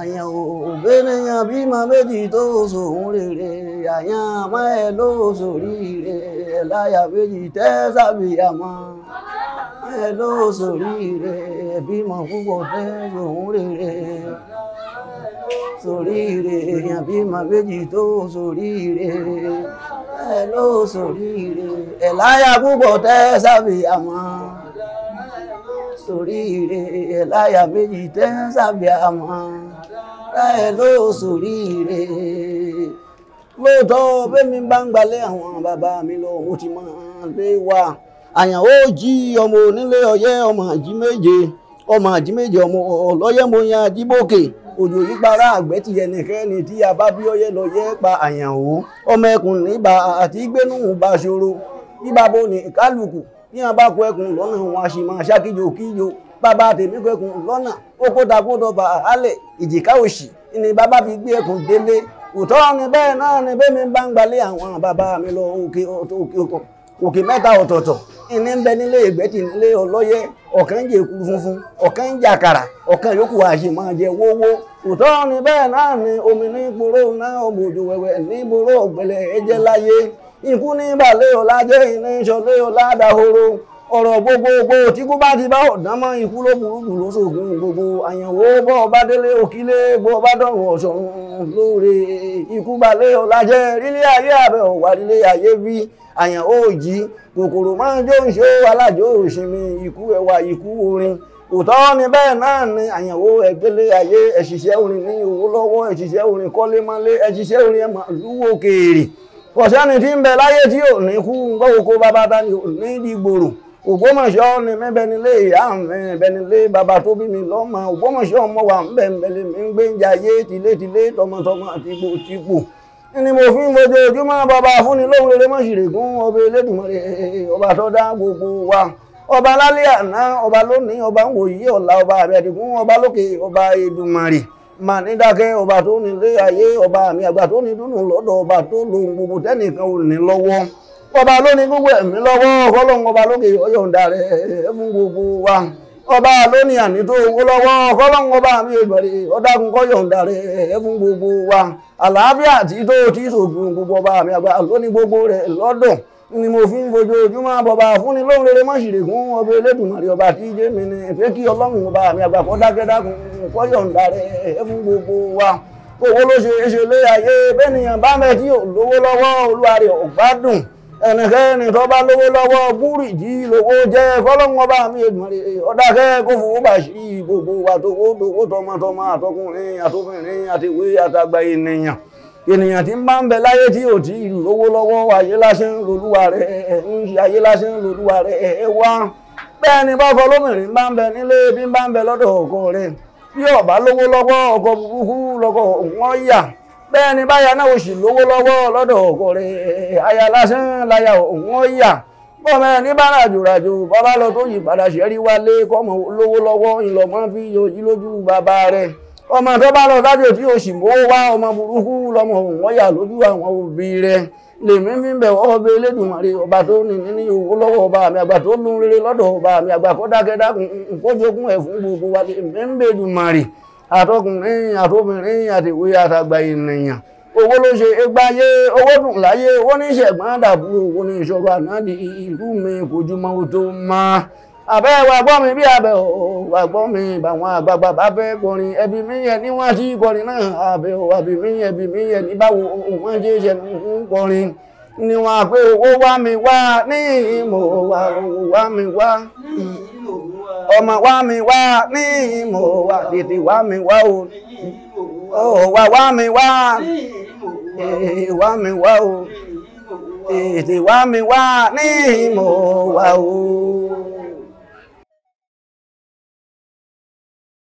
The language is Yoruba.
àyàn òbẹ́nìyàn bímọ méjì tó sòun rere àyàn àmọ́ ẹ ló sòrí rẹ ẹ̀láyà méjì tẹ́ sábìyàmọ́ ẹ ló sòrí rẹ bímọ púpọ̀ tẹ́ sòun rere sòrí rẹ èèyàn bímọ méjì tó sòrí rẹ ẹ ló sòrí rẹ ẹ̀láyà púpọ̀ tẹ́ sábìyàmọ́. sórí ire ẹ̀ láyà méjì tẹ́ ń sàbí àmọ́ láyẹ̀ ló sórí ire lóòótọ́ bẹ́mi bá ń gbalẹ̀ àwọn bàbá mi lọ mo ti máa lé wa Àyànwó ó jí ọmọ onílé ọyẹ́ ọmọ àjí méje ọmọ àjí méje ọmọ ọlọ́yẹ́ mo yan àjíbòkè òjò yìí para àgbẹ̀ ti yẹ nìkan tí a bá bí ọyẹ lọ yẹ́ pa àyàn ọmọ ẹkùn níbà àti gbénú bá ṣòro bíbá bo ní kálukú yíyan bá kó ẹkùn lọ́nà wọn a ṣe máa ṣàkíjò kíjò bàbá tèmi kó ẹkùn lọ́nà ó kó ta kó dọ̀bà àálẹ̀ ìjìká òṣì ni bàbá fi gbé ẹkùn délé òtọ́ ni bẹ́ẹ̀ náà ni mi bá ń àwọn bàbá mi lọ òkè òkè mẹ́ta ọ̀tọ̀ọ̀tọ̀ funfun ọ̀kan ń jẹ àkàrà ọ̀kan yòókù àṣì máa jẹ òtọ́ ni bẹ́ẹ̀ náà ni omi ní ikú ní balẹ̀ ọ̀la jẹ́ iná ìṣọ̀lẹ̀ ọ̀la dahoro ọ̀rọ̀ gbogbogbò tí kú bá ti bá ọ̀dánmọ́ ikú ló burú jù ló ṣògùn gbogbo àyànwó bọ́ ọba délé òkílé bọ́ ọba dọ̀rùn ọ̀ṣọ̀run lóore ikú balẹ̀ ọ̀la jẹ́ rílé ayé àbẹ̀ ọ̀wà rílé ayé bí àyànwó òjì kòkòrò máa ń jó ìṣó alájò òṣìmí ikú ẹwà ikú orin òtọ́ ni bẹ́ẹ̀ náà ni àyànwó ẹgbẹ́lé ayé ẹ̀ṣiṣẹ́ orin ní owó lọ́wọ́ ẹ̀ṣiṣẹ́ orin kọ́lé mọ́lé ẹ̀ṣiṣẹ́ orin ẹ̀mọ̀ lúwọ́ kèèrè kò sẹ́ni tí ń bẹ láyé tí ò ní kú gbọ́wọ́kó bàbá dání ò ní dìgbòrò ògbómọ̀ṣọ́ ni mi bẹnilé ìyá mi bẹnilé bàbá tó bí mi lọ́mọ ògbómọ̀ṣọ́ ọmọ wa ń bẹ̀ mẹ́lẹ̀ mi ń gbé ń jayé tilétilé tọmọtọmọ àtìpó tìpó ni mo fi ń fojú ojúmọ́ bàbá fúnni lóhun rere mọ́ṣìrègún ọba elédùnmọ́re ọba tó dá gbogbo wa ọba lálẹ́ àná ọba lónìí ọba ń wòye ọ̀la ọba àbẹ̀dìgún ọba lókè ọba Èdùmàrè mà ní dákẹ́ ọba tó ní lé ayé ọba àmì àgbà tó ní dúnú lọ́dọ̀ ọba tó lòun gbogbo tẹ́nìkan ò ní lọ́wọ́ ọba ló ní gbogbo ẹ̀mí lọ́wọ́ ọlọ́run ọba lókè ọyọ̀ǹda rẹ̀ fún gbogbo wa ọba ló ní àní owó lọ́wọ́ ọlọ́run ọba mi ìbẹ̀rẹ̀ ọ̀dàkùn kọyọ̀ǹda rẹ̀ fún gbogbo wa àlàáfíà tí tó ti sògùn gbogbo ọba àmì àgbà ló ní gbogbo rẹ̀ lọ́dọ̀ ni mo fi ń fojoojúmọ́ bọba fúnni lóhun rere mọ́ṣìrè kún ọbẹ̀ elédùnmọ̀rẹ́ ọba tí jẹ́ mi ni pé kí ọlọ́run ọba mi àgbà kọ́ dákẹ́ dákun kọ́ yọ̀ǹda rẹ̀ fún gbogbo wa owó ló ṣe é ṣe lé ayé bẹ́nìyàn bá mẹ́ tí olówó lọ́wọ́ olúwarẹ̀ ọ̀gbádùn ẹnìkẹ́ni tó bá lówó lọ́wọ́ búrì jí lówó jẹ́ fọlọ́run ọba mi èdùnmọ̀rẹ́ ọ̀dákẹ́ kó fowó bá ṣí gbogbo wa tówó tówó tọmọtọmọ àtọkùnrin àtobìnrin àtiwé àtàgbà ènìyàn ènìyàn tí ń bá ń bẹ láyé tí ò tí ì lówó lọ́wọ́ ayé lásán lolúwa rẹ̀ ń ṣe ayé lásán lolúwa rẹ̀ wá bẹ́ẹ̀ ni bá fọ lómìnirin bá ń bẹ nílé bí ń bá ń bẹ lọ́dọ̀ ọkọ rẹ̀ bí ọ̀bá lówó lọ́wọ́ ọkọ burúkú lọ́kọ̀ wọ́n yà bẹ́ẹ̀ ni báyà náà ò sì lówó lọ́wọ́ lọ́dọ̀ ọkọ rẹ̀ aya lásán láyà wọ́n yà bọ́mọ ẹni bá ràjòràjò bàbá lọ tó yí padà ṣẹ́rí wálé kọ́mọ lówó lọ́wọ́ ọmọ tó bá lọ sájò tí o sì mọ́ wá ọmọ burúkú lọmọ òun wọ́n yà lójú àwọn òbí rẹ̀ lèmi mi bẹ̀ wọ́n bẹ ọba tó ní ní owó lọ́wọ́ ọba mi àgbà tó lún rere lọ́dọ̀ ọba àgbà kó ẹ̀ fún gbogbo wa àtọkùnrin owó ló ṣe owó dùn owó ní ìṣẹ̀gbọ́n owó ní àná ìlú àbẹ́ wà gbọ́ mi bí abẹ́ ò wà gbọ́ mi bàwọn àgbààgbà bá fẹ́ kọrin ẹbí mi yẹn ní wọ́n ti kọrin náà àbẹ́ ò àbí mi yẹn bí mi yẹn ní báwo wọ́n ṣe ṣe ń kọrin ni wọ́n àpé owó wá mi wá ní ìmọ̀ wá owó wá mi wá ọmọ wá mi wá ní ìmọ̀ wá tètè wá mi wá o wá wá mi wá wá mi wá o tètè wá mi wá ní ìmọ̀ wá o.